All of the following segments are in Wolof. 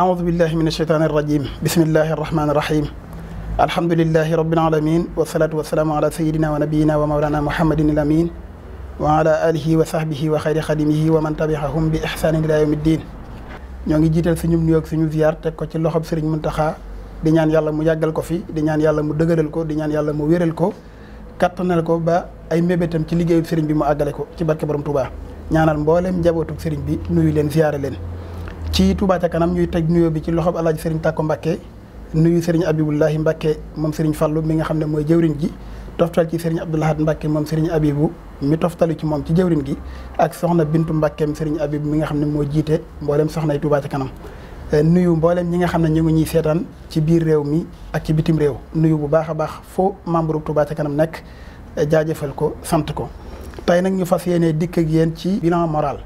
a أعوذ بالله من الشيطان الرجيم بسم الله الرحمن الرحيم الحمد لله رب العالمين والصلاة والسلام على سيدنا wa ومولانا محمد الأمين وعلى آله وصحبه وخير خدمه ومن تبعهم بإحسان إلى يوم الدين ñoo ngi jiital suñu nuyoo ak suñu ziar teg ko ci loxob Sëriñ Muntaxa di ñaan yàlla mu yàggal ko fi di ñaan yàlla mu dëgëral ko di ñaan yàlla mu wéral ko kattanal ko ba ay mébétam ci liggéeyu sëriñ bi mu àggale ko ci barke borom Touba ñaanal mboolem njabootu sëriñ bi nuyu leen ziare leen fii Touba kanam ñuy teg nuyoo bi ci loxob El Hadj Serigne Tako Mbacke nuyu Serigne Abibullahi Mbacke moom Serigne Fallou mi nga xam ne mooy jëwriñ ji toftal ci Serigne Abdoulahad Mbacke moom Serigne Abibu mi toftalu ci moom ci jëwriñ gi ak soxna Bintu Mbackeem Serigne Abibu mi nga xam ne moo jiite mboolem soxnay Touba ca kanam. Euh, nuyu mboolem ñi nga xam ne ñu ngi ñuy seetaan ci biir réew mi ak ci bitim réew nuyu bu baax a baax foo membre bu Touba ca kanam nekk euh, jaajëfal ko sant ko tey nag ñu fas yéenee dikk yéen ci bilan moral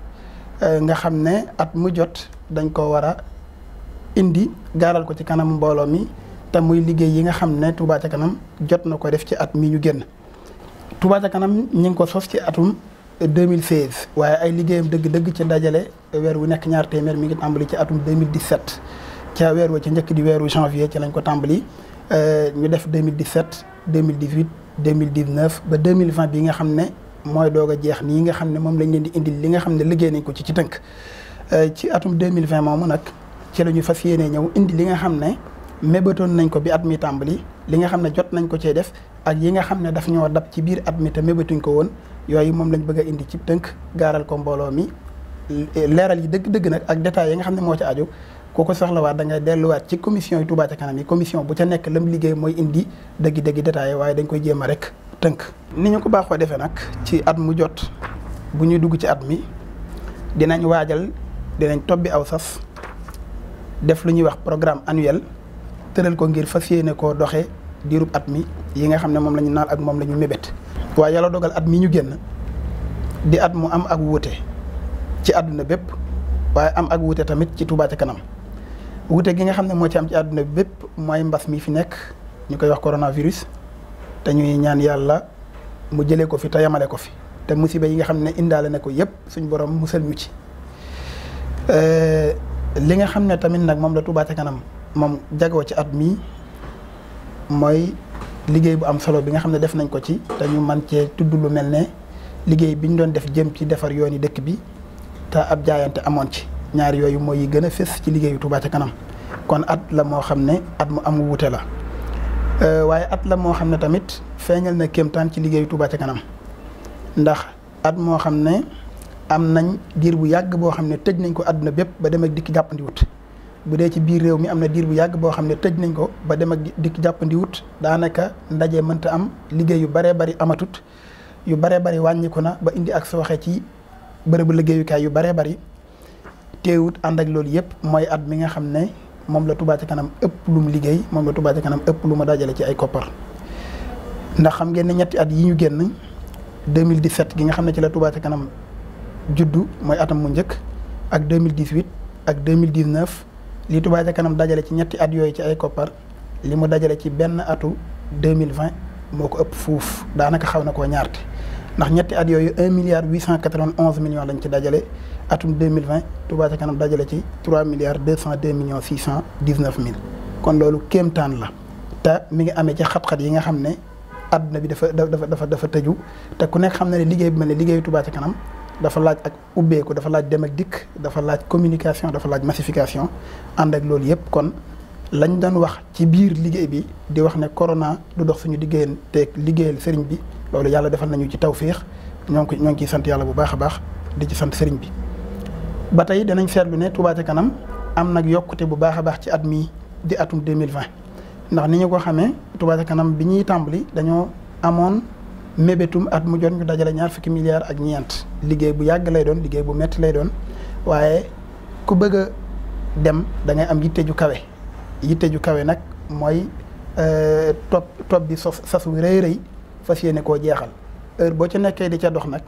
euh, nga xam ne at mu jot. dañ ko war a indi gaaral ko ci kanam mbooloo ni te muy liggéey yi nga xam ne Touba ca kanam jot na ko def ci at mi ñu génn Touba ca kanam ñi ngi ko sos ci atum 2016 waaye ay liggéeyam dëgg-dëgg ci ndajale weer wu nekk ñaar téeméer mi ngi tàmbali ci atum 2017 ca weer wa ci njëkk di weeru janvier ci lañ ko tàmbali euh, ñu def 2017 2018 2019 ba 2020 bi nga xam ne mooy doog a jeex nii nga xam ne moom lañ leen di li nga xam ne liggéey nañ ko ci ci tënk Euh, ci atum 2020 moomu nag ci la ñu fas yéenee ñëw indi li nga xam ne mébatoon nañ ko bi at mi tàmbali li nga xam ne jot nañ ko cee def ak yi nga xam ne daf ñoo dab ci biir at mi te mébatuñ ko woon yooyu moom lañ bëgg a indi ci tënk gaaral ko mbooloo mi leeral yi dëgg-dëgg nag ak détails yi nga xam ne moo ci aju ku ko soxlawaat da ngay delluwaat ci commission yi Touba ca kanam yi commission bu ca nekk lam liggéey mooy indi dëgg-dëgg détails waaye dañ koy jéem tënk. ni ko baaxoo defee nag ci at mu jot bu ñuy dugg ci at mi dinañ waajal dinañ tobbi aw sas def lu ñuy wax programme annuel tëral ko ngir fas yéene koo doxee diirub at mi yi nga xam ne moom la ñu naal ak moom lañuy ñu mébét. waaye yàlla dogal at mi ñu génn di at mu am ak wuute ci àdduna bépp waaye am ak wuute tamit ci Touba ca kanam wuute gi nga xam ne moo ci am ci àdduna bépp mooy mbas mi fi nekk ñu koy wax coronavirus te ñuy ñaan yàlla mu jëlee ko fi te yamale ko fi te musiba yi nga xam ne indaale na ko yépp suñu borom musal ñu ci. Euh, li nga xam ne tamit nag moom la Touba ca kanam moom jagoo ci at mii mooy liggéey bu am solo bi nga xam ne def nañ ko ci te ñu man cee tudd lu mel ne liggéey bi ñu doon def jëm ci defar yooni dëkk bi te ab jaayante amoon ci ñaar yooyu mooy yi gën a fës ci liggéeyu Touba ca kanam kon at la moo xam ne at mu am wuute la euh, waaye at la moo xam ne tamit feeñal na kéemtaan ci liggéeyu Touba ca kanam ndax at moo xam ne. am nañ diir bu yàgg boo xam ne tëj nañ ko àdduna bépp ba dem ak dikk jàppandiwut bu dee ci biir réew mi am na diir bu yàgg boo xam ne tëj nañ ko ba dem ak dikk jàppandiwut daanaka ndaje mënta am liggéey yu baree bari amatut yu baree bari wàññiku na ba indi ak sooxe ci bërëbu liggéeyukaay yu baree bari teewut ànd ak loolu yëpp mooy at mi nga xam ne moom la Touba Ca Kanam ëpp lu mu liggéey moom la Touba Ca Kanam ëpp lu mu dajale ci ay koppar ndax xam ngeen ñetti at yi ñu génn 2017 gi nga xam ne ci la Touba Ca juddu mooy atam mu njëkk ak mille 2018 ak deux 2019 li Touba ca kanam dajale ci ñetti at yooyu ci ay koppar li mu dajale ci benn atu 2020 moo ko ëpp fuuf daanaka xaw na koo ñaarte ndax ñetti at yooyu 1 milliard 891 millions lañ ci dajale atum 2020 Touba ca kanam dajale ci deux 3 milliards cent millions 619 mille kon loolu kéemtaan la te mi ngi amee ci xat-xat yi nga xam ne àdduna bi dafa dafa dafa dafa tëju te ku nekk xam na ne liggéey bi mel ne liggéeyu Touba ca kanam dafa laaj ak ubbeeku dafa laaj dem ak dikk dafa laaj communication dafa laaj massification ànd ak loolu yëpp kon lañ doon wax ci biir liggéey bi di wax ne corona du dox suñu liggéeyan te liggéeyal sëriñ bi loolu yàlla defal nañu ci tawféex ñoo ngi ko ngi ciy sant yàlla bu baax a baax di ci sant sëriñ bi. ba tey danañ seetlu ne Touba kanam am nag yokkute bu baax a baax ci at mii di atum 2020 ndax ni ñu ko xamee Touba ca kanam bi ñuy tàmbali dañoo amoon. mébétum at mu jot ñu dajale ñaar fukki milliards ak ñeent liggéey bu yàgg lay doon liggéey bu metti lay doon waaye ku bëgg a dem da am yitte ju kawe yitte ju kawe nag mooy euh, topp topp bi sos sasu rëy fas yéene koo jeexal heure boo ca nekkee di ca dox nag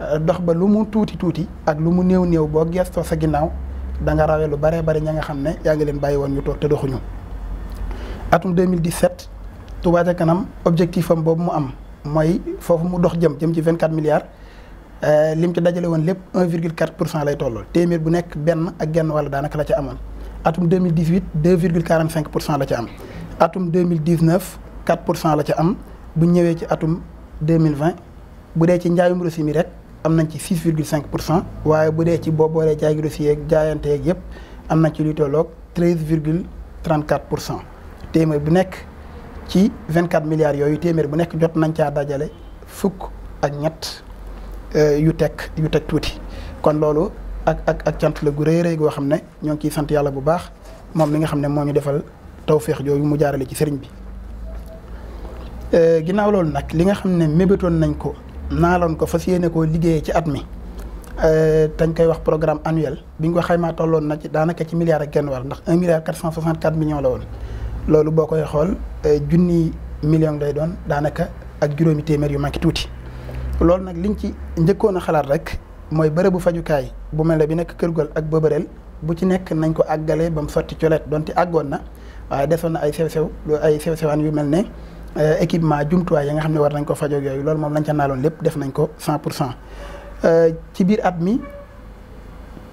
euh, dox ba lu mu tuuti tuuti ak lu mu néew néew boo gestoo sa ginnaaw danga rawee lu baree bari ña nga xam ne yaa ngi leen bàyyi woon ñu toog te doxuñu atum 2017 Touba ca kanam objectif am boobu mu am mooy foofu mu dox jëm jëm ci 24 milliards euh, lim ci dajale woon lépp 1,4 pour cent lay tolloo téeméer bu nekk benn ak genn wala daanaka la ca amoon. atum 2018 2,45 pour cent la ca am atum 2019 4 pour cent la ca am bu ñëwee ci atum 2020 bu dee ci njaayum rosi mi rek am nañ ci 6,5 pour cent waaye bu dee ci boo boolee jaay rosi yeeg jaayante yeeg yëpp am nañ ci luy tolloog 13,34 pour cent téeméer bu nekk. ci vingt 24 milliards yooyu téeméer bu nekk jot nañ caa dajale fukk ak ñett euh, yu teg yu teg tuuti kon loolu ak ak ak cant la gu rëy rëy goo xam ne ñoo ngi ciy sant yàlla bu baax moom li nga xam ne moo ñu defal tawféex yooyu mu jaarale ci sëriñ bi. Euh, ginnaaw loolu nag li nga xam ne mébétoon nañ ko naaloon ko fas yéene koo liggéeyee ci at mi euh, dañ koy wax programme annuel bi ñu ko xaymaa tolloon na ci daanaka ci milliard ak genn wàll ndax 1 milliard 464 millions la woon. loolu boo koy xool eh, junni million day doon daanaka ak juróomi téeméer yu manqué tuuti loolu nag liñ ci njëkkoon a xalaat rek mooy bërëbu fajukaay bu mel ne bi nekk Kër Gol ak Boberel bu ci nekk nañ ko àggale ba mu sotti colet donte àggoon na waaye desoon na ay sew sew ay sew sewaan yu mel ne eh, équipement jumtuwaay yi nga xam ne war nañ ko fajoog yooyu loolu moom lañ ca naaloon lépp def nañ ko cent pour cent eh, ci biir at mi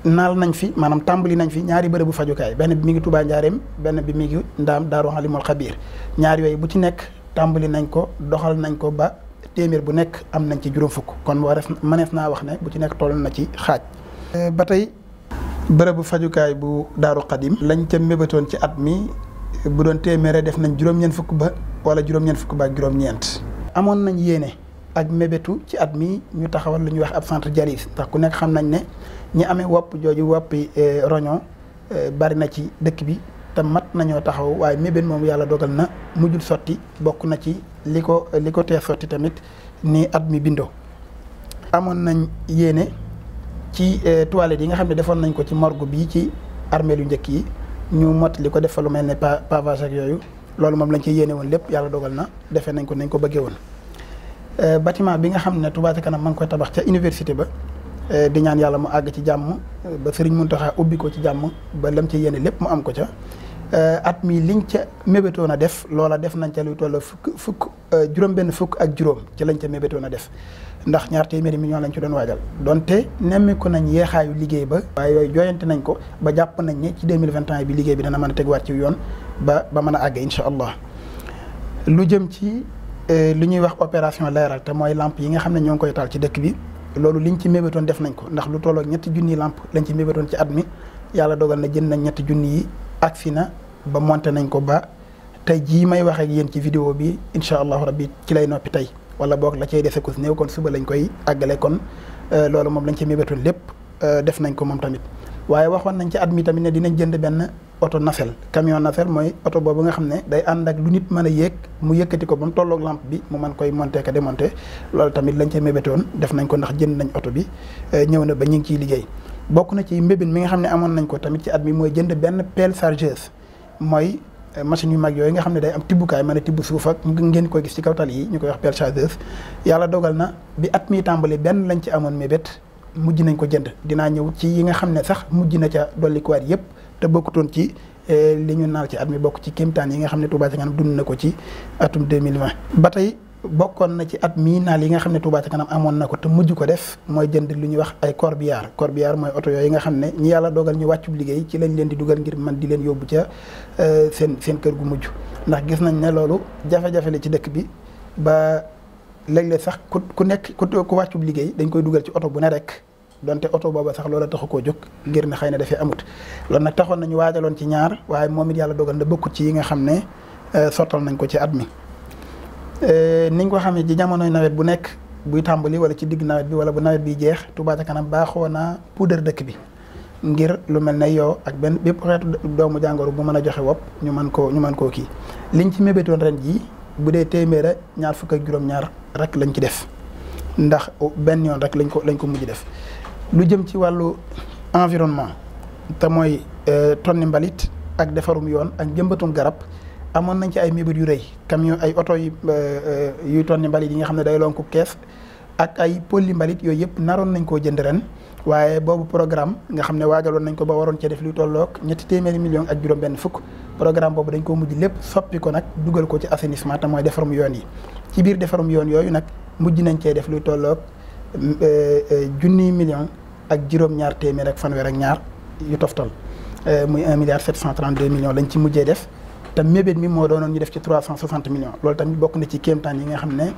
naal nañ fi maanaam tàmbali nañ fi ñaari bërëbu fajukaay benn bi mi ngi Touba Njaareem benn bi mi ngi Ndaam Daaru Alimul Xabiir ñaar yooyu bu ci nekk tàmbali nañ ko doxal nañ ko ba téeméer bu nekk am nañ ci juróom fukk kon war mëneef naa wax ne bu ci nekk toll na ci xaaj. Euh, ba tey bërëbu fajukaay bu Daaru Xadim lañ ca mébatoon ci at mi bu doon téeméere def nañ juróom-ñeent fukk ba wala juróom-ñeent fukk ba ak juróom-ñeent. amoon nañ yéene. ak mébétu ci at mi ñu taxawal lu ñuy wax ab centre dialyse ndax ku nekk xam nañ ne ñi amee wopp jooju woppi eh, roñon eh, bari na ci dëkk bi te mat nañoo taxaw waaye mébét moom yàlla dogal na mujjul sotti bokk na ci li ko li ko tee sotti tamit ni at mi bindoo amoon nañ yéene ci eh, toilettes yi nga xam ne defoon nañ ko ci morgue bi ci armée lu njëkk yi ñu mot li ko defalu mel ni pavage ak yooyu loolu moom lañ ci yéene woon lépp yàlla dogal na defee nañ ko nañ ko bëggee woon Euh, batiment bi nga xam ne Touba ca kanam ma ngi koy tabax ca université ba euh, di ñaan yàlla mu àgg ci jàmm euh, ba mun taxaa ubbi ko ci jàmm ba lam ci yéene lépp mu am ko ca at mi liñ ca mébétoon a def loola def nañ ca luy toll fukk fukk juróom-benn fukk ak juróom ci lañ ca mébétoon a def ndax ñaar téeméeri million lañ ci doon waajal donte nemmiku nañ yeexaayu liggéey ba waaye yooyu jooyante nañ ko ba jàpp nañ ne ci 2021 bi liggéey bi dana mën a tegwaat ci yoon ba ba mën a àgg incha allah lu jëm Euh, li ñuy wax opération leeral te mooy làmp yi nga xam ne ñoo ngi koy taal ci dëkk bi loolu liñ ci mébétoon def nañ ko ndax lu tollook ñetti junni lamp lañ ci mébétoon ci at mi yàlla dogal na jënd nañ ñetti junni yi agsi na ba monte nañ ko ba tey jii may waxeeg ak yéen ci vidéo bi incha allahu bi ci lay noppi tey wala boog la cay dese ko si néew kon suba lañ koy àggale kon euh, loolu moom lañ ci mébétoon lépp euh, def nañ ko moom tamit waaye waxoon nañ ci at mi tamit ne dinañ jënd benn oto nafel camion nafel mooy oto boobu nga xam ne day ànd ak lu nit mën a yéeg mu yëkkati ko ba mu tolloog lampe bi mu man koy monté ka démonté loolu tamit lañ ca mébétoon def nañ ko ndax jënd nañ oto bi euh, ñëw na ba ñu ngi ciy liggéey bokk na ci mbébin mi nga xam ne amoon nañ ko tamit ci at mi mooy jënd benn pelle chargeuse mooy euh, machine yu mag yooyu nga xam ne day am tibbukaay mën a tibb suuf ak ngeen koy gis ci kaw tali yi ñu koy wax pelle chargeuse dogal na bi at mi tàmbali benn lañ ci amoon mébét mujj nañ ko jënd dinaa ñëw ci yi nga xam ne sax mujj na ca dollikuwaat yëpp te bokkutoon ci eh, li ñu naal ci at mi bokk ci kéemtaan yi nga xam ne Touba ca kanam dund na ko ci atum 2020 ba tey bokkoon na ci at mii naal yi nga xam ne Touba ca kanam amoon na ko te mujj ko def mooy jënd lu ñuy wax ay corbillard corbillard mooy oto yooyu nga xam ne ñi yàlla dogal ñu wàccub liggéey ci lañ leen di dugal ngir man di leen yóbbu ca eh, seen seen kër gu mujj ndax gis nañ ne loolu jafe-jafe la ci dëkk bi ba léeg-léeg sax ku ku nekk ku wàccub liggéey dañ koy dugal ci oto bu ne rek donte oto booba sax loola taxu koo jóg ngir ne xay na dafee amut loolu nag taxoon nañu waajaloon ci ñaar waaye moom it yàlla dogal na bokkut ci yi nga xam ne euh, sottal nañ ko ci at mi euh, niñ ko xamee ci jamonoy nawet bu nekk buy tàmbali wala ci digg nawet bi wala bu nawet bi jeex Touba ca kanam baaxoo naa puudar dëkk bi ngir lu mel ne yow ak benn bépp xeetu doomu jàngoro bu mën a joxe wopp ñu mën koo ñu mën koo kii liñ ci mébétoon ren jii bu dee téeméer ñaar fukk ak juróom-ñaar rek lañ ci def ndax benn yoon rek lañ ko lañ ko mujj def lu jëm ci wàllu environnement te mooy euh, tonni mbalit ak defarum yoon ak jëmbatum garab amoon nañ ci ay mébét yu rëy camion ay oto yu euh, euh, yuy tonni mbalit yi nga xam ne day lonku kees ak ay pôles mbalit yooyu yëpp naroon nañ koo jënde ren. waaye boobu programme nga xam ne waajaloon nañ ko ba waroon cee def lu tolloog ñetti téeméeri millions ak juróom-benn fukk programme boobu dañ ko mujj lépp soppi ko nag dugal ko ci assainissement te mooy defarum yoon yi ci biir defarum yoon yooyu nag mujj nañ cee def lu tolloog euh, euh, junniy millions ak juróom-ñaar téeméer ak fanweer ak ñaar yu toftal euh, muy 1 milliard 732 millions lañ ci mujjee def. te mébét mi moo doonoon ñu def ci 360 millions loolu tamit bokk na ci kéemtaan yi nga xam ne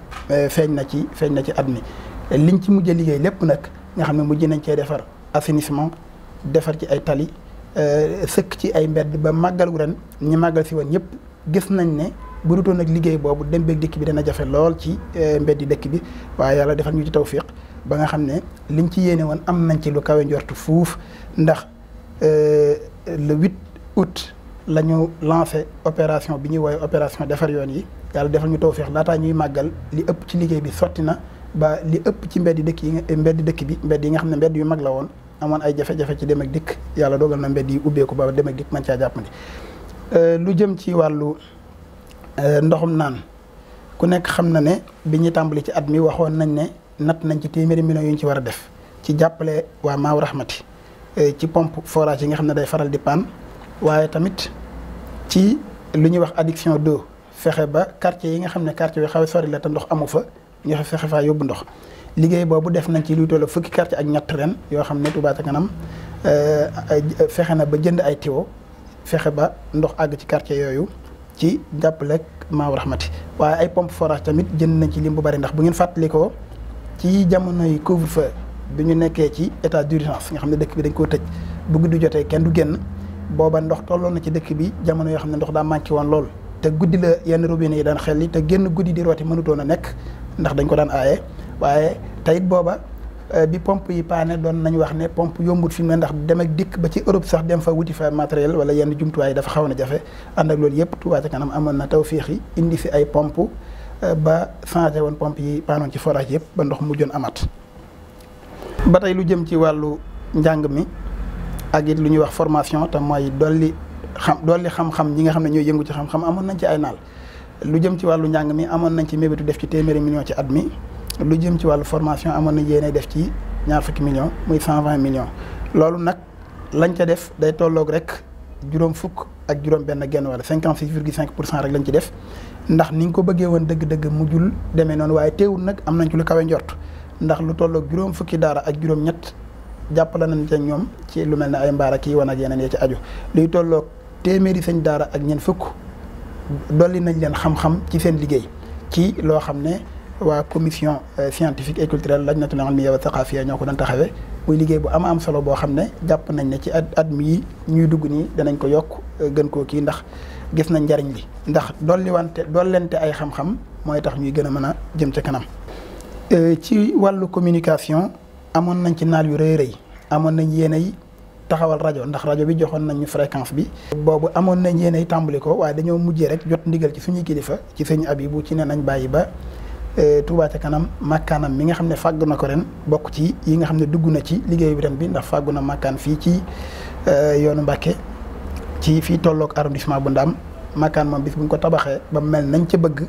feeñ na ci feeñ na ci at mi liñ ci mujj liggéey lépp nag nga xam ne mujj nañ cee defar assainissement defar ci ay tali euh, sëkk ci ay mbedd ba màggal wu ren ñi màggal si woon ñëpp gis nañ ne bu nag liggéey boobu dem beeg dikk bi dana jafe lool ci euh, mbeddi dëkk bi waaye yàlla defal ñu ci tawfiq ba nga xam ne liñ ci yéene woon am nañ ci lu kawe njortu fuuf ndax euh, le 8 août la ñu lancé bi ñuy woowee opération defar yoon yi yàlla defal ñu tawfiq laataa ñuy màggal li ëpp ci liggéey bi sotti na ba li ëpp ci mbedd dëkk yi mbedd dëkk bi mbedd yi nga xam ne mbedd yu mag la woon amoon ay jafe-jafe ci dem ak dikk yàlla dogal na mbedd yi ubbeeku ba dem ak dikk mën caa jàppandi euh, lu jëm ci wàllu euh, ndoxum naan ku nekk xam na ne bi ñuy tàmbali ci at mi waxoon nañ ne natt nañ ci téeméeri millions yu ñu ci war a def ci jàppale waa Maaw Rahmati euh, ci pompe forage yi nga xam ne day faral di paan waaye tamit ci lu ñuy wax adduction d'eau fexe ba quartier yi nga xam ne quartier yi xaw sori la ndox amu fa ñu fexe faa yóbbu ndox liggéey boobu def nañ ci luy toll fukki quartier ak ñett ren yoo xam ne Touba ca kanam euh, fexe na ba jënd ay tiwo fexe ba ndox àgg ci quartier yooyu ci jàppaleeg maaw rahmati waaye ay pompe forage tamit jënd nañ ci lim bu bari ndax bu ngeen fàttalikoo ci jamonoy couvre-feu bi ñu nekkee ci état d'urgence nga xam ne dëkk bi dañ koo tëj bu guddi jotee kenn du génn booba ndox tolloon na ci dëkk bi jamono yoo xam ne ndox daa manqué woon lool te guddi la yenn robinet yi daan xel yi te génn guddi di rooti mënutoon a nekk ndax dañ ko daan aaye waaye tayit booba euh, bi pompe yi paane doon nañu wax ne pompe yombut fi mu ne ndax dem ak dikk ba ci Europe sax dem fa wuti fa matériel wala yenn jumtuwaay dafa xaw na jafe ànd ak loolu yëpp Touba ca kanam amoon na tawféex yi indi fi ay pompe euh, ba changé woon pompe yi paanoon ci forage yëpp ba ndox mujjoon amat. ba tey lu jëm ci wàllu njàng mi ak it lu ñuy wax formation te mooy dolli xam dolli xam-xam ñi nga xam ne ñoo yëngu ci xam-xam amoon nañ ci ay naal. lu jëm ci wàllu njàng mi amoon nañ ci mébétu def ci téeméeri million ci at mi lu jëm ci wàllu formation amoon nañ yéene def ci ñaar fukki million muy cent vingt million loolu nag lañ ca def day tolloog rek juróom fukk ak juróom benn genn wala cinquante six virgule pour cent rek lañ ci def ndax ni nga ko bëggee woon dëgg-dëgg mujjul demee noonu waaye teewul nag am nañ ci lu kawe njort ndax lu tolloog juróom fukki daara ak juróom ñett jàppale nañ ca ñoom ci lu mel ne ay mbaara kii wan ak yeneen yee ci aju luy tolloog téeméeri sëñ daara ak ñeent fukk dolli nañ leen xam-xam ci seen liggéey ci loo xam ne waa commission euh, scientifique et culturelle lajnatul ilmiya wa thaqafiya ñoo ko doon taxawee muy liggéey bu am am solo boo xam ne jàpp nañ ne ci at at mii ñuy dugg nii danañ ko yokk euh, gën koo kii ndax gis nañ njariñ li ndax dolli dollente ay xam-xam mooy tax ñuy gën a mën a jëm ca kanam euh, ci wàllu communication amoon nañ ci naal yu rëy rëy amoon nañ yéenay taxawal rajo ndax rajo bi joxoon nañu fréquence bi boobu amoon nañ yéenay tàmbali ko waaye dañoo mujjee rek jot ndigal ci suñuy kilifa ci seen ab yi Abibu ci ne nañ bàyyi ba e, Touba ca kanam makkaanam mi nga xam ne fàggu na ko ren bokk ci yi nga xam ne dugg na ci liggéey bi ren bi ndax fàggu na makkaan fii ci e, yoonu Mbàkke ci fii tolloog arrondissement bu Ndaam makkaan moom bis bu ñu ko tabaxee ba mel nañ ca bëgg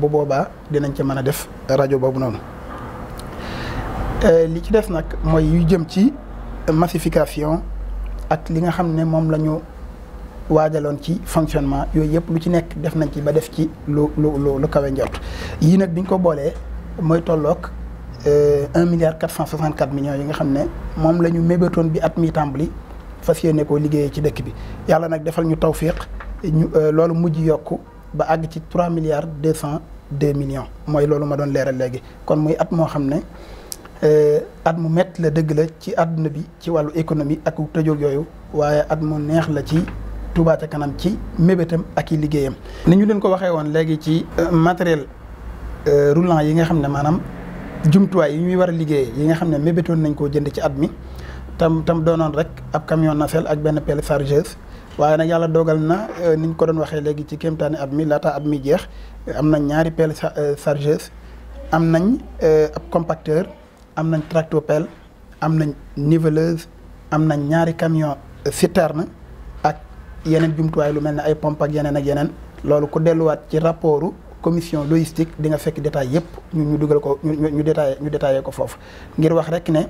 bu boobaa dinañ ca mën a def rajo boobu noonu e, li ci def nag mooy yu jëm ci massification ak li nga xam ne moom la ñu waajaloon ci fonctionnement yooyu yëpp lu ci nekk def nañ ci ba def ci lu lu lu kawe njort yii nag bi ñu ko boolee mooy tolloog euh, un milliard quatre cent soixante quatre millions yi nga xam ne moom la ñu mébétoon bi at mi tàmbali fas yéene koo liggéeyee ci dëkk bi yàlla nag defal ñu tawfiq ñu euh, loolu mujj yokk ba àgg ci trois milliards deux cent deux millions mooy loolu ma doon leeral léegi kon muy at moo xam ne. Euh, at mu métti la dëgg la ci àdduna bi ci wàllu économie ak tëjoog yooyu waaye at mu neex la ci Touba ca kanam ci mébétam ak i liggéeyam. ni ñu leen ko waxee woon léegi ci euh, matériel euh, roulant yi nga xam ne maanaam jumtuwaay yi ñuy war a liggéey yi nga xam ne mébétoon nañ ko jënd ci at mi tam tam doonoon rek ab camion nafel ak benn pelle chargeuse. waaye nag yàlla dogal na ni ñu ko doon waxee léegi ci kéemtaani at mi laata at mi jeex am nañ ñaari pelle chargeuse am nañ ab compacteur. am nañ tractopelle am nañ niveleuse am nañ ñaari camion citerne ak yeneen jumtuwaay lu mel ni ay pompe ak yeneen ak yeneen loolu ku delluwaat ci rapportu commission logistique di nga fekk détail yëpp ñu ñu dugal ko ñu ñu détaillé ñu détaillé ko foofu ngir wax rek ne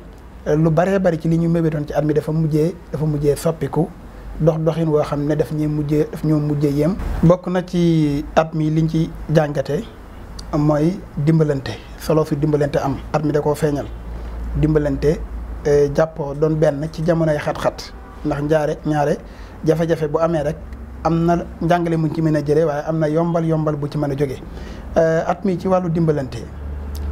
lu baree bari ci li ñu mébétoon ci at mi dafa mujjee dafa mujjee soppiku dox doxin woo xam ne daf ñuy mujjee daf ñoo mujjee yem. bokk na ci at mi liñ ci jàngate mooy dimbalante. solo su dimbalante am at mi da koo feeñal dimbalante eh, jàppoo doon benn ci jamonoy xat-xat ndax njaare ñaare jafe-jafe bu amee rek am na njàngale muñ ci mën a jëlee waaye am na yombal yombal bu ci mën a jóge eh, at mi ci wàllu dimbalante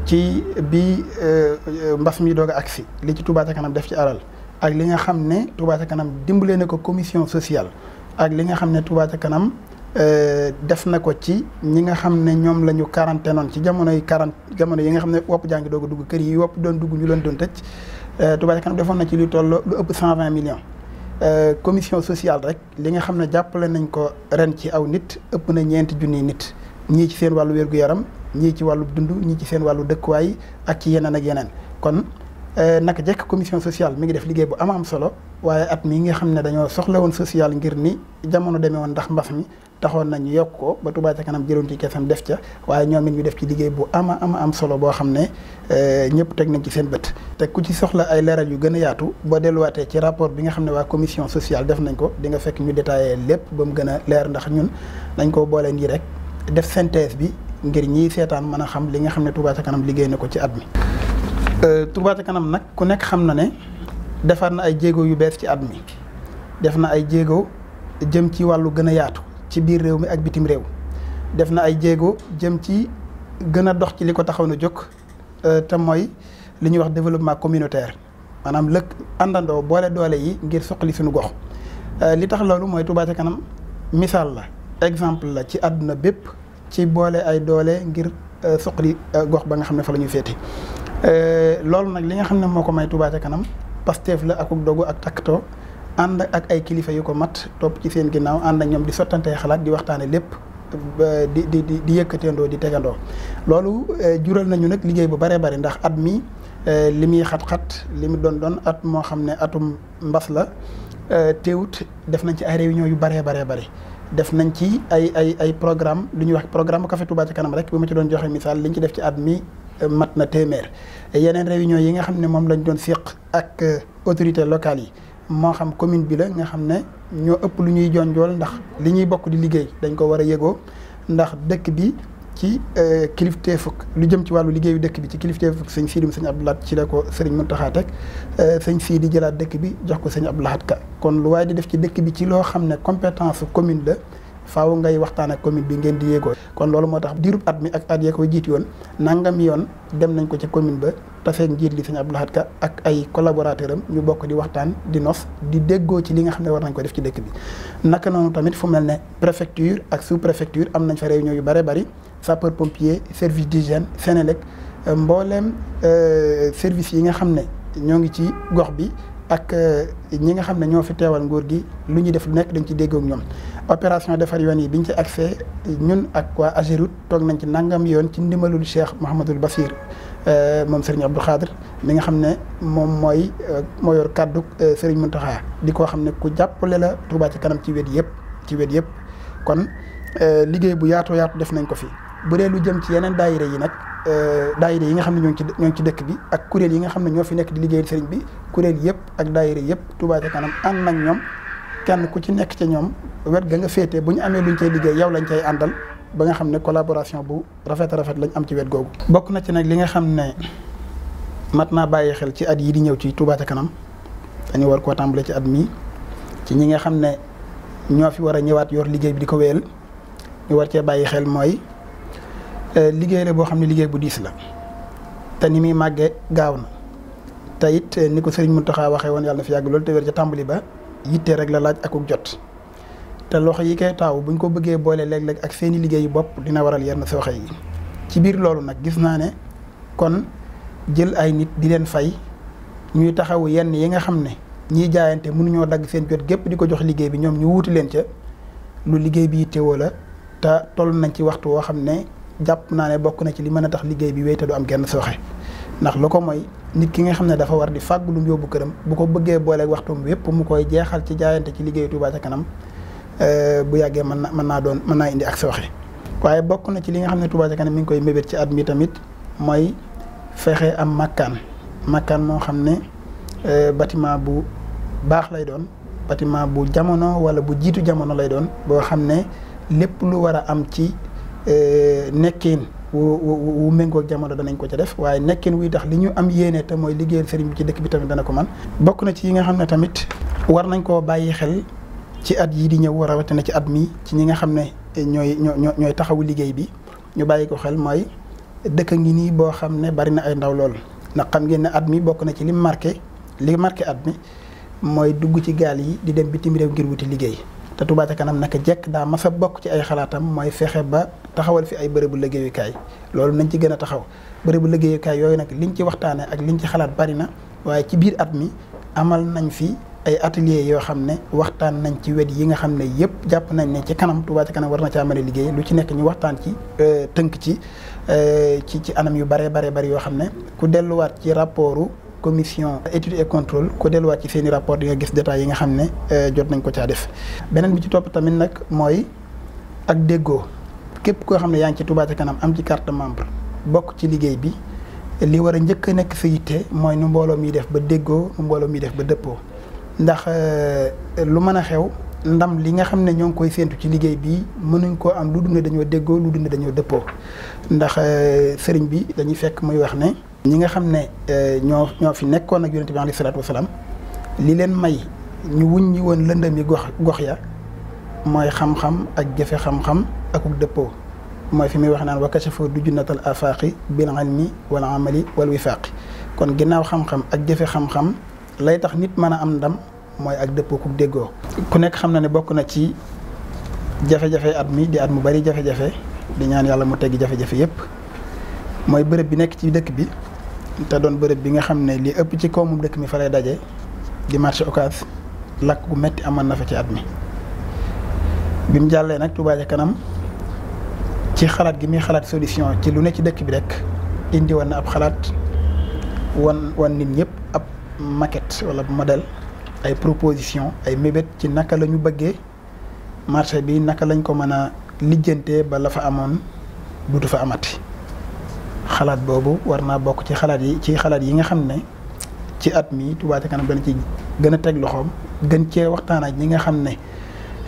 ci bi eh, mbas mi doog a agsi li ci Touba ca kanam def ci alal ak li nga xam ne Touba ca kanam dimbalee na ko commission sociale ak li nga xam ne Touba ca kanam Euh, def na ko ci ñi nga xam ne ñoom lañu ñu noon ci jamonoy quarante jamono yi nga xam ne wopp jàngi doog a dugg kër yi wopp doon dugg ñu leen doon tëj euh, Touba Ca Kanam defoon na ci lu toll lu ëpp cent vingt millions euh, commission sociale rek li nga xam ne jàppale nañ ko ren ci aw nit ëpp na ñeenti junniy nit ñii ci seen wàllu wér-gu-yaram ñii ci wàllu dund ñii ci seen wàllu dëkkuwaay ak ci yeneen ak yeneen kon Euh, naka jekk commission sociale mi ngi def liggéey bu am am solo waaye at mii nga xam ne dañoo soxla woon social ngir ni jamono deme woon ndax mbas mi taxoon nañu yokk ko ba Touba ca kanam jëloon ci kesam def ca waaye ñoom it ñu def ci liggéey bu ama ama am solo boo xam ne euh, ñëpp teg nañ ci seen bët te ku ci soxla ay leeral yu gën a yaatu boo delluwaatee ci rapport bi nga xam ne waa commission sociale def nañ ko dinga nga fekk ñu détaillé lépp ba mu gën a leer ndax ñun dañ koo boole nii rek def synthèse bi ngir ñiy seetaan mën a xam li nga xam ne Touba ca kanam liggéey na ko ci at mi Euh, Touba ca kanam nag ku nekk xam na ne defar na ay jéego yu bees ci at mi def na ay jéego jëm ci wàllu gën a yaatu ci biir réew mi ak bitim réew def na ay jéego jëm ci gën a dox ci li ko taxaw na jóg euh, te mooy li ñuy wax développement communautaire maanaam lëkk àndandoo boole doole yi ngir suqali sunu gox euh, li tax loolu mooy Touba kanam misaal la exemple la ci àdduna bépp ci boole ay doole ngir suqali gox ba nga xam ne fa la ñuy féete Euh, loolu nag li nga xam ne moo ko may Touba ca kanam Pastef la akuk dogu ak taktoo ànd ak ay kilifa yu ko mat topp ci seen ginnaaw ànd ak ñoom di sottante xalaat di waxtaane lépp di di di di yëkkateendoo di tegandoo loolu euh, jural nañu nag liggéey bu bare bari ndax at mi euh, li muy xat-xat li muy doon doon at moo xam ne atum mbas la teewut def nañ ci ay réunion yu baree baree bari def nañ ci ay ay ay programme lu ñu wax programme Café Touba ca kanam rek bi ma ci doon joxe misaal liñ ci def ci at mi mat na téeméer yeneen réunion yi nga xam ne moom lañu doon fiq ak euh, autorité locale yi moo xam commune bi la nga xam ne ñoo ëpp lu ñuy jonjool ndax li ñuy bokk di liggéey dañ ko war a yëgoo ndax dëkk bi ci euh, kilifteefuk lu jëm ci wàllu liggéeyu dëkk bi ci kilifteefuk sëñ Siidi sëñ Abdou laat ci la ko sëriñ Muntaxa teg euh, sëñ Siidi jëlaat dëkk bi jox ko sëñ Abdou Lahad Ka kon lu waaye di def ci dëkk bi ci loo xam ne compétence commune la faaw ngay waxtaan ak commune bi ngeen di yéegoo kon loolu moo tax diirub at mi ak at yee koy jiit nangam yoon dem nañ ko ci commune ba te fekk njiit li sëñ Abdou Lahad Ka ak ay collaborateur am ñu bokk di waxtaan di nos di déggoo ci li nga xam ne war nañ ko def ci dëkk bi naka noonu tamit fu mel ne préfecture ak sous préfecture am nañ fa réunion yu bare bari sapeur pompier service genne Sénélec mbooleem euh, service yi nga xam ne ñoo ngi ci gox bi ak euh, ñi nga xam ne ñoo fi teewal nguur gi lu ñuy def lu nekk dañu ci déggook ñoom opération defar yoon yi bi ñu ci accès ñun ak waa Ageroute toog nañ ci nangam yoon ci ndimalul Cheikh Mouhamadul Basir euh, moom Serigne Abdou Khadr mi nga xam ne moom mooy euh, moo yor kàddu euh, Serigne Mountakha di koo xam ne ku jàppale la Touba ci kanam ci wet yëpp ci wet yëpp kon liggéey bu yaatu yaatu def nañ ko fi bu dee lu jëm ci yeneen daayira yi nag daayira yi nga xam ne ñoo ngi ci ñoo ngi ci dëkk bi ak kuréel yi nga xam ne ñoo fi nekk di liggéey Serigne bi kuréel yëpp ak daayira yëpp Touba kanam ànd nañ ñoom. kenn ku ci nekk ci ñoom wet ga nga féete bu ñu amee luñ cay liggéey yow lañ cay àndal ba nga xam ne collaboration bu rafet rafet lañ am ci wet googu. bokk na ci nag li nga xam ne mat naa bàyyi xel ci at yi di ñëw ci Touba ca kanam dañu war koo tàmbale ci at mii ci ñi nga xam ne ñoo fi war a ñëwaat yor liggéey bi di ko wéyal ñu war cee bàyyi xel mooy euh, liggéey la boo xam ne liggéey bu diis la te ni muy màggee gaaw na te it euh, ni ko Serigne Mountakha waxee woon yàlla fi yàgg loolu ca tàmbali ba. yitte rek la laaj akuk jot te loxo yi koy taaw buñ ko bëggee boole léeg-léeg ak seeni liggéeyu bopp dina waral yenn sooxe yi ci biir loolu nag gis naa ne kon jël ay nit di leen fay ñuy taxawu yenn yi nga xam ne ñiy jaayante mënuñoo dagg seen jot gépp di ko jox liggéey bi ñoom ñu wuti leen ca lu liggéey bi yittewoo la te toll nañ ci waxtu woo xam ne jàpp naa ne bokk na ci li mën a tax liggéey bi wéy te du am genn sooxe. ndax lu ko mooy nit ki nga xam ne dafa war di fàgg lu mu yóbbu këram bu ko bëggee booleeg waxtoom yépp mu koy jeexal ci jaayante ci liggéeyu Touba ca kanam euh, bu yàggee mën na mën naa doon mën naa indi ak sooxe waaye bokk na ci li nga xam ne Touba ca kanam mi ngi koy mébét ci at mi tamit mooy fexe am makkaan makkaan moo xam ne euh, bâtiment bu baax lay doon bâtiment bu jamono wala bu jiitu jamono lay doon boo xam ne lépp lu war a am ci euh, nekkin wu méngoo ak jamono danañ ko ci def waaye nekkin wuy tax li ñu am yéene te mooy liggéeyal sëriñ bi ci dëkk bi tamit dana ko man bokk na ci nga xam ne tamit war nañ koo bàyyi xel ci at yii di ñëw rawatina ci at mii ci ñi nga xam ne ñooy ñoo ñooy taxawu liggéey bi ñu bàyyi ko xel mooy dëkk ngi nii boo xam ne bari na ay ndaw lool ndax xam ngeen ne at mi bokk na ci li marqué li marqué at mi mooy dugg ci gaal yi di dem bitim réew ngir wuti liggéey te Touba kanam naka jekk daa mas a bokk ci ay xalaatam mooy fexe ba taxawal fi ay bërëbu liggéeyukaay loolu nañ ci gën a taxaw bërëbu liggéeyukaay yooyu nag liñ ci waxtaanee ak liñ ci xalaat barina waaye ci biir at mi amal nañ fi ay atelier yoo xam ne waxtaan nañ ci wet yi nga xam ne yëpp jàpp nañ ne ci kanam Touba ci Kanam war na caa mën liggéey lu ci nekk ñi waxtaan ci euh, tënk ci euh, ci ci anam yu bare bare bari yoo xam ne ku delluwaat ci rapportu commission étude et contrôle ku delluwaat ci seeni rapport di nga gis détails yi nga xam ne euh, jot nañ ko caa def beneen bi ci topp tamit nag mooy ak déggoo képp koo xam ne yaa ngi ci Touba ca kanam am ci carte membre bokk ci liggéey bi li war njëkk a nekk sa yitte mooy nu mbooloo mi def ba déggoo nu mbooloo mi def ba dëppoo ndax euh, lu mën a xew ndam li nga xam ne ñoo ngi koy séentu ci liggéey bi mënuñ koo am lu dul ne dañoo déggoo lu dul ne dañoo dëppoo ndax euh, sëriñ bi dañuy fekk muy wax ne ñi nga xam ne euh, ñoo ñoo fi nekkoon ak yonente bi alayhi salaatu wasalaam li leen may ñu wuñ ñi woon lëndëm yi gox gox ya mooy xam-xam ak jëfe xam-xam akuk dëppoo mooy fi muy wax naan wa kashafu du junnatal afaaqi bil ilmi wal amali wal wifaaqi kon ginnaaw xam ak jëfe xam lay tax nit mën am ndam mooy ak dëppoo ku nekk xam na ne bokk na ci jafe at mi mu bari jafe-jafe di yàlla mu teggi jafe-jafe mooy bërëb bi nekk ci dëkk bi te doon bërëb bi nga xam ne li ëpp ci koomum dëkk mi fa lay daje di marché occas lakk bu metti amal na fa ci at mi bi mu jàllee nag Touba Kanam ci xalaat gi muy xalaat solution ci lu ne ci dëkk bi rek indi wan na ab xalaat wan wan nit ñëpp ab maquette wala modèle ay proposition ay mébét ci naka la ñu bëggee marché bi naka lañ ko mën a lijjante ba la fa amoon duutu fa amati xalaat boobu war naa bokk ci xalaat yi ci xalaat yi nga xam ne ci at mi Touba Ca Kanam dana ci gën a teg loxoom gën cee waxtaan ak ñi nga xam ne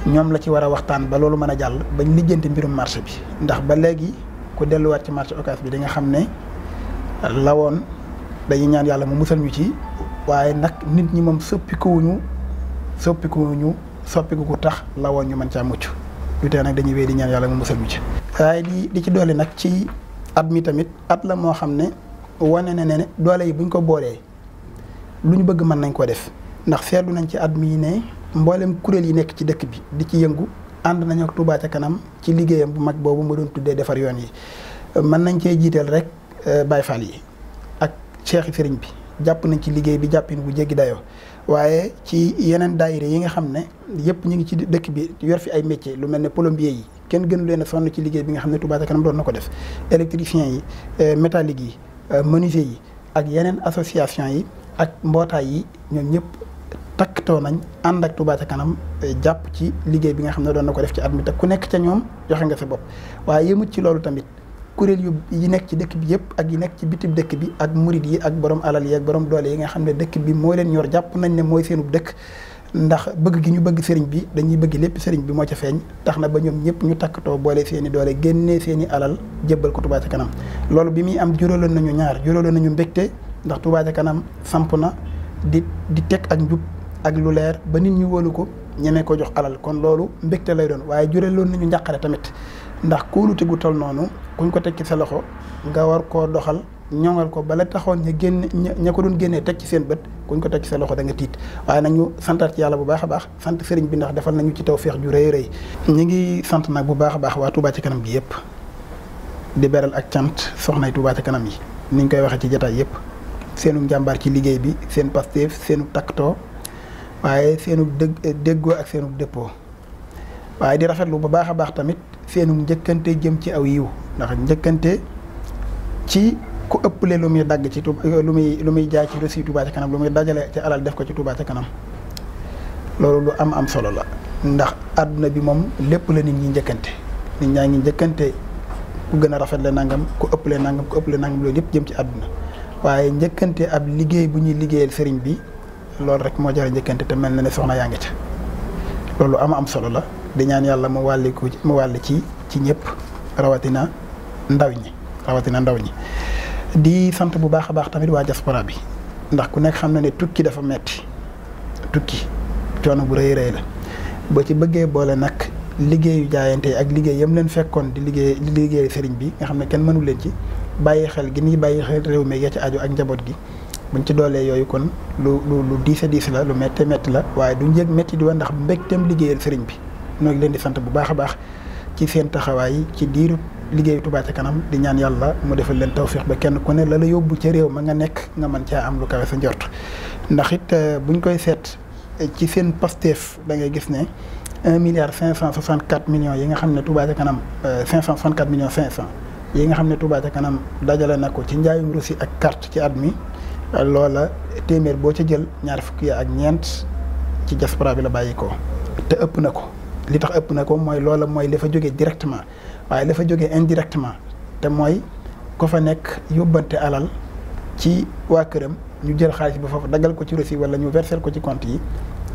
ñoom la ci war a waxtaan ba loolu mën a jàll bañ lijjanti mbirum marché bi ndax ba léegi ku delluwaat ci marché Ocass bi di nga xam ne lawoon dañuy ñaan yàlla mu musal ñu ci waaye nag nit ñi moom soppikuwuñu soppikuwuñu soppiku ku tax lawoon ñu mën caa mucc lu tee nag dañuy wéy di ñaan yàlla mu musal ñu ci. waaye di di ci doole nag ci at mi tamit at la moo xam ne wane na ne doole yi buñ ko boolee lu ñu bëgg mën nañ koo def ndax seetlu nañ ci at mii ne. mboolem kuréel yi nekk ci dëkk bi di ci yëngu ànd nañu ak Touba ca kanam ci liggéeyam bu mag boobu ma doon tuddee defar yoon yi mën nañ cee jiiteel rek euh, Baye Fall yi ak Cheikh Sëriñ bi jàpp nañ ci liggéey bi jàppin bu jéggi dayoo waaye ci yeneen daayira yi nga xam ne yëpp ñu ngi ci dëkk bi yor fi ay métier lu mel ne plombier yi kenn gënu leen a sonn ci liggéey bi nga xam ne Touba ca kanam doon na ko def électricien yi euh, métallique yi euh, menuisier yi ak yeneen association yi ak mbootaay yi ñoom ñëpp takkatoo nañ ànd ak Touba ca kanam eh, jàpp ci liggéey bi nga xam ne doon na ko def ci at mi te ku nekk ca ñoom joxe nga sa bopp waaye yëmut ci loolu tamit kuréel yu yi nekk ci dëkk bi yëpp ak yi nekk ci bitib dëkk bi ak murid yi ak borom alal yi ak borom doole yi nga xam ne dëkk bi mooy leen ñor jàpp nañ ne mooy seenub dëkk ndax bëgg gi ñu bëgg sëriñ bi dañuy bëgg lépp sëriñ bi moo ca feeñ tax na ba ñoom ñëpp ñu takkatoo boole seeni doole génnee seen i alal ko Touba ca kanam loolu bi muy am juróoloon nañu ñaar juróoloon nañu mbégte ndax kanam samp na di di teg ak njub ak lu leer ba nit ñi wóolu ko ñemee ko jox alal kon loolu mbégte lay doon waaye juree loon nañu njàqare tamit ndax kóolute gu tol noonu kuñ ko teg ci sa loxo nga war koo doxal ñoŋal ko bala taxoon ña génn ña ko doon génnee teg ci seen bët kuñ ko teg ci sa loxo da nga tiit waaye nag ñu santaat ci yàlla bu baax a baax sant sëriñ bi ndax defal nañu ci feex ju rëy rëy ñu ngi sant nag bu baax a baax waa Touba ci kanam gi yëpp di beral ak cant soxnay ci kanam yi niñ koy waxee ci jotaay yëpp seenu njàmbaar ci liggéey bi seen Pastef seenu taktoo waaye seenu dëgg déggoo ak seenu dëppoo waaye di rafetlu bu baax a baax tamit seenu njëkkante jëm ci aw yiw ndax njëkkante ci ku ëpp ëpple lu muy dagg ci euh, lu muy lu muy jaay ci dossier Touba ca kanam lu muy dajale ci alal def ko ci Touba ca kanam loolu lu am am solo la ndax àdduna bi moom lépp la nit ñi njëkkante nit ñaa ngi njëkkante ku gën a rafet la nangam ku ëpple nangam ku ëpple nangam loolu yëpp jëm ci àdduna waaye njëkkante ab liggéey bu ñuy liggéeyal sëriñ bi loolu rek moo jara njëkkante te mel na ne soxna yaa ngi ca loolu am am solo la di ñaan yàlla mu wàlliku mu wàll ci ci ñëpp rawatina ndaw ñi rawatina ndaw ñi di sant bu baax a baax tamit waa diaspora bi ndax ku nekk xam na ne tukki dafa metti tukki coono bu rëy rëy la boo ci bëggee boole nag liggéeyu jaayante ak liggéey yam leen fekkoon di liggéey di liggéey sëriñ bi nga xam ne kenn mënu leen ci bàyyi xel gi ni bàyyi xel réew mi ya ci aju ak njaboot gi buñ ci doolee yooyu kon lu lu lu diis a diis la lu méttee métti la waaye du yëg métti di wa ndax mbégteem liggéeyal sëriñ bi noo ngi leen di sant bu baax a baax ci seen taxawaay ci diiru liggéeyu Touba ca kanam di ñaan yàlla mu defal leen tawféex ba kenn ku ne la la yóbbu ca réew ma nga nekk nga mën caa am lu kawe sa ndax it euh, buñ koy seet euh, ci seen pasteef da ngay gis ne. un milliard cinq cent soixante millions yi nga xam ne Touba ca kanam euh, cinq cent soixante quatre millions cinq yi nga xam ne Touba ca kanam dajale na ko ci njaayum rusi ak carte ci at mi loola téeméer boo ca jël ñaar fukki ak ñeent ci diaspora bi la bàyyi ko te ëpp na ko li tax ëpp na ko mooy loola mooy li fa jógee directement waaye la fa jógee indirectement te mooy ko fa nekk yóbbante alal ci waa këram ñu jël xaalis ba foofu daggal ko ci reçu wala ñu verser ko ci compte yi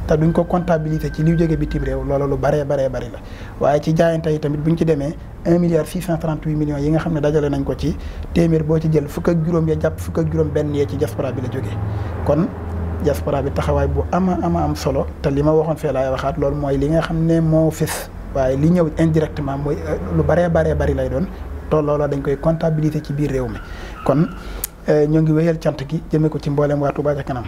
te duñ ko comptabiliser ci li jóge bitim réew loolu lu baree baree bari la waaye ci jaayante yi tamit buñ ci demee 1 milliard 638 millions yi nga xam ne dajale nañ ko ci téeméer boo ci jël fukk ak juróom ya jàpp fukk ak juróom benn yee ci diaspora bi la jógee kon diaspora bi taxawaay bu ama ama am solo te li ma waxoon fee laay waxaat loolu mooy li nga xam ne moo fés waaye li ñëw indirectement mooy euh, lu baree baree bari lay doon te looloo dañ koy comptabiliser ci biir réew mi kon euh, ñoo ngi wéyal cant gi jëmee ko ci mboolem waa kanam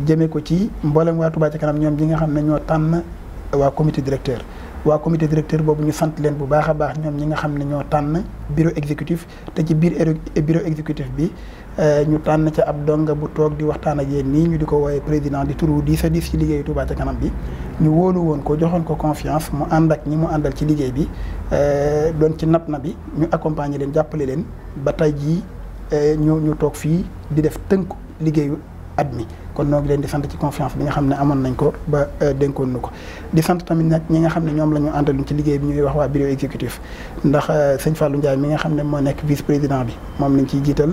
jëmee ko ci mboolem waa Touba ca kanam ñoom ñi nga xam ne ñoo tànn waa comité directeur waa comité directeur boobu ñu sant leen bu baax a baax ñoom ñi nga xam ne ñoo tànn bureau exécutif te ci biir bureau exécutif bi euh, ñu tànn ca ab dong bu toog di waxtaan ak yéen nii ñu di ko wooye président di turu di sa diis ci liggéeyu Touba ca kanam bi ñu wóolu woon ko joxoon ko confiance mu ànd ak ñi mu àndal ci liggéey bi euh, doon ci nap na bi ñu accompagner leen jàppale leen ba tey jii euh, ñu ñu toog fii di def tënk liggéeyu at kon noo ngi leen di sant ci confiance bi nga xam ne amoon nañ ko ba euh, dénkoon nu ko di sant tamit nag ñi nga xam ne ñoom la ñu àndaluñ ci liggéey bi ñuy wax waa bureau exécutif ndax euh, sëñ Fallou Ndiaye mi nga xam ne moo nekk vice président bi moom lañ ciy jiital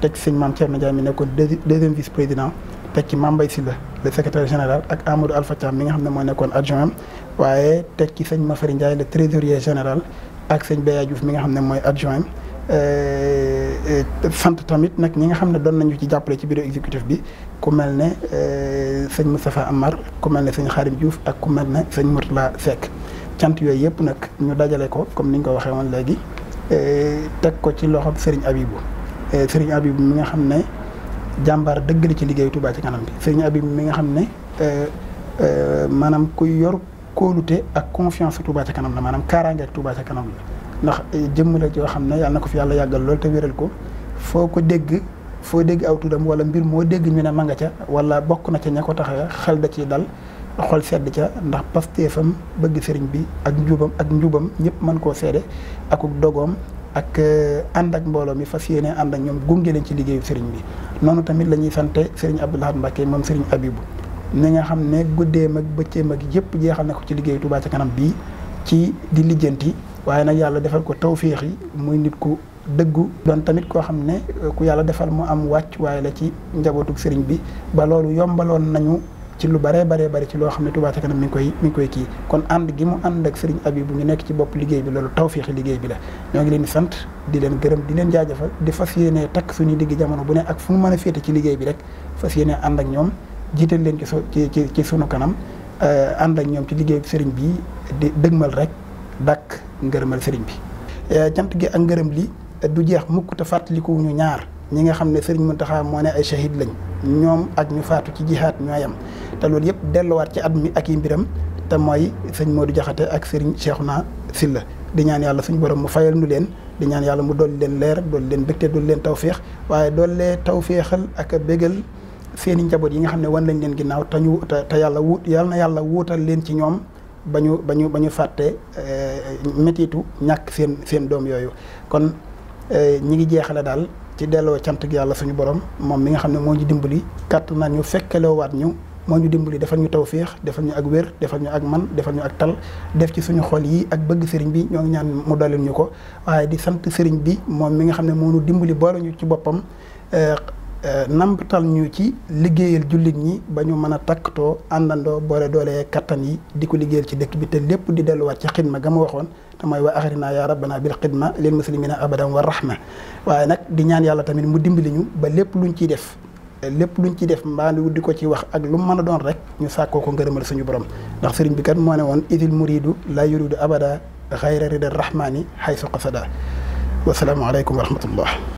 teg ci sëñ Mame Thierno Ndiaye mi nekkoon deuxième vice président teg ci Mame Mbaye Sylla le général ak Amadou Alpha Thiam mi nga xam ne moo nekkoon adjoint waaye teg ci sëñ Mafari Ndiaye le trésorier général ak sëñ Béya mi nga xam ne mooy adjoint Euh, sant tamit nag ñi nga xam ne doon nañu ci jàppale ci bureau exécutif bi ku mel ne euh, sëñ Moustapha Amar ku mel ne sëñ Xarim Diouf ak ku mel ne sëñ Mourtala Seck cant yooyu yëpp nag ñu dajale ko comme ni ñu ko waxee woon léegi euh, teg ko ci loxob sëriñ Abibou Serigne Abibou mi nga xam ne jàmbaar dëgg ci liggéeyu Touba ci kanam bi Serigne Abibou mi nga xam ne maanaam kuy yor kóolute ak confiance Touba ca kanam la maanaam kaaraange ak Touba kanam la. ndax eh, jëmm la joo xam ne yàlla na ko fi yàlla yàggal loolu te wéral ko foo ko dégg foo dégg aw turam wala mbir moo dégg ñu ne ma nga ca wala bokk na ca ña ko tax xel da ciy dal xol sedd ca ndax pasteefam bëgg sëriñ bi ak njubam ak njubam ñëpp mën koo seede akuk dogoom ak eh, ànd ak mbooloo mi fas yéene ànd ak ñoom gunge leen ci liggéeyu sëriñ bi noonu tamit la ñuy sante sëriñ Abdou Lahad Mbacké moom sëriñ Abibu ni nga xam ne guddeem ak bëccëg ak yëpp jeexal na ko ci liggéeyu Touba ca kanam bii ci di lijjanti waaye nag yàlla defal ko tawféex yi muy nit ku dëggu doon tamit koo xam ne eh, ku yàlla defal mu am wàcc waaye la ci njabootug sëriñ bi ba loolu yombaloon nañu ci lu bare bare bare ci loo xam ne Touba ca kanam mi ngi koy mi ngi koy kii kon ànd gi mu ànd ak sëriñ Abi bu ñu nekk ci bopp liggéey bi loolu tawféexi liggéey bi la ñoo ngi leen sant di leen gërëm di leen jaajëfal di fas yéene takk suñuy digg jamono bu ne ak fu mu mën a féete ci liggéey bi rek fas yéene ànd ak ñoom jiital leen ci ci ci sunu kanam eh, ànd ak ñoom ci liggéey sëriñ bi di dëgmal rek dàkk ngërëmal sëriñ bi eh, cant gi ak ngërëm li eh, du jeex mukk te fàttaliku ñu ñaar ñi nga xam ne sëriñ Muntaxa moo ne ay shahid lañ ñoom ak ñu faatu ci jihaat ñooyam te loolu yëpp delluwaat ci at mi ak yi mbiram te mooy sëñ du Jaxate ak sëriñ Cheikhouna Sylla di ñaan yàlla suñu borom mu fayal nu leen di ñaan yàlla mu dool leen leer dolli leen bégte dolli leen tawféex waaye dollee tawféexal ak bégal seeni njaboot yi nga xam ne wan lañ leen ginnaaw te ñu te yàlla wut yàlla na yàlla wuutal leen ci ñoom ba ñu ba ñu ba ñu fàtte eh, métitu ñàkk seen seen doom yooyu kon eh, ñi ngi jeexale daal ci delloo cant ak yàlla suñu borom moom mi nga xam ne moo ñu dimbali kàtt na ñu fekkeloowaat ñu moo ñu dimbali defal ñu taw tawféex defal ñu ak wér defal ñu ak man defal ñu ak tal def ci suñu xool yi ak bëgg sëriñ bi ñoo ngi ñaan mu dolil ñu ko waaye di sant sëriñ bi moom mi nga xam ne moo ñu dimbali boole ñu ci boppam eh, Euh, nambatal ñu ci liggéeyal jullit ñi ba ñu mën a takktoo àndandoo boole doole kattan yi di ko liggéeyal ci dëkk bi te lépp di delluwaat ci xidma ga ma waxoon te mooy wa axirina ya rabbana bil xidma lil muslimina abadan wa rahma waaye nag di ñaan yàlla tamit mu dimbali ñu ba lépp luñ ciy def lépp lu ñu ci def mbaandiwu di ko ci wax ak lu mu mën a doon rek ñu sàkkoo ko ngërëmal suñu borom ndax sëriñ bi kat moo ne woon idil muridu la yuridu abada xayra rida rahmani xaysu qasada wasalaamualeykum wa rahmatullah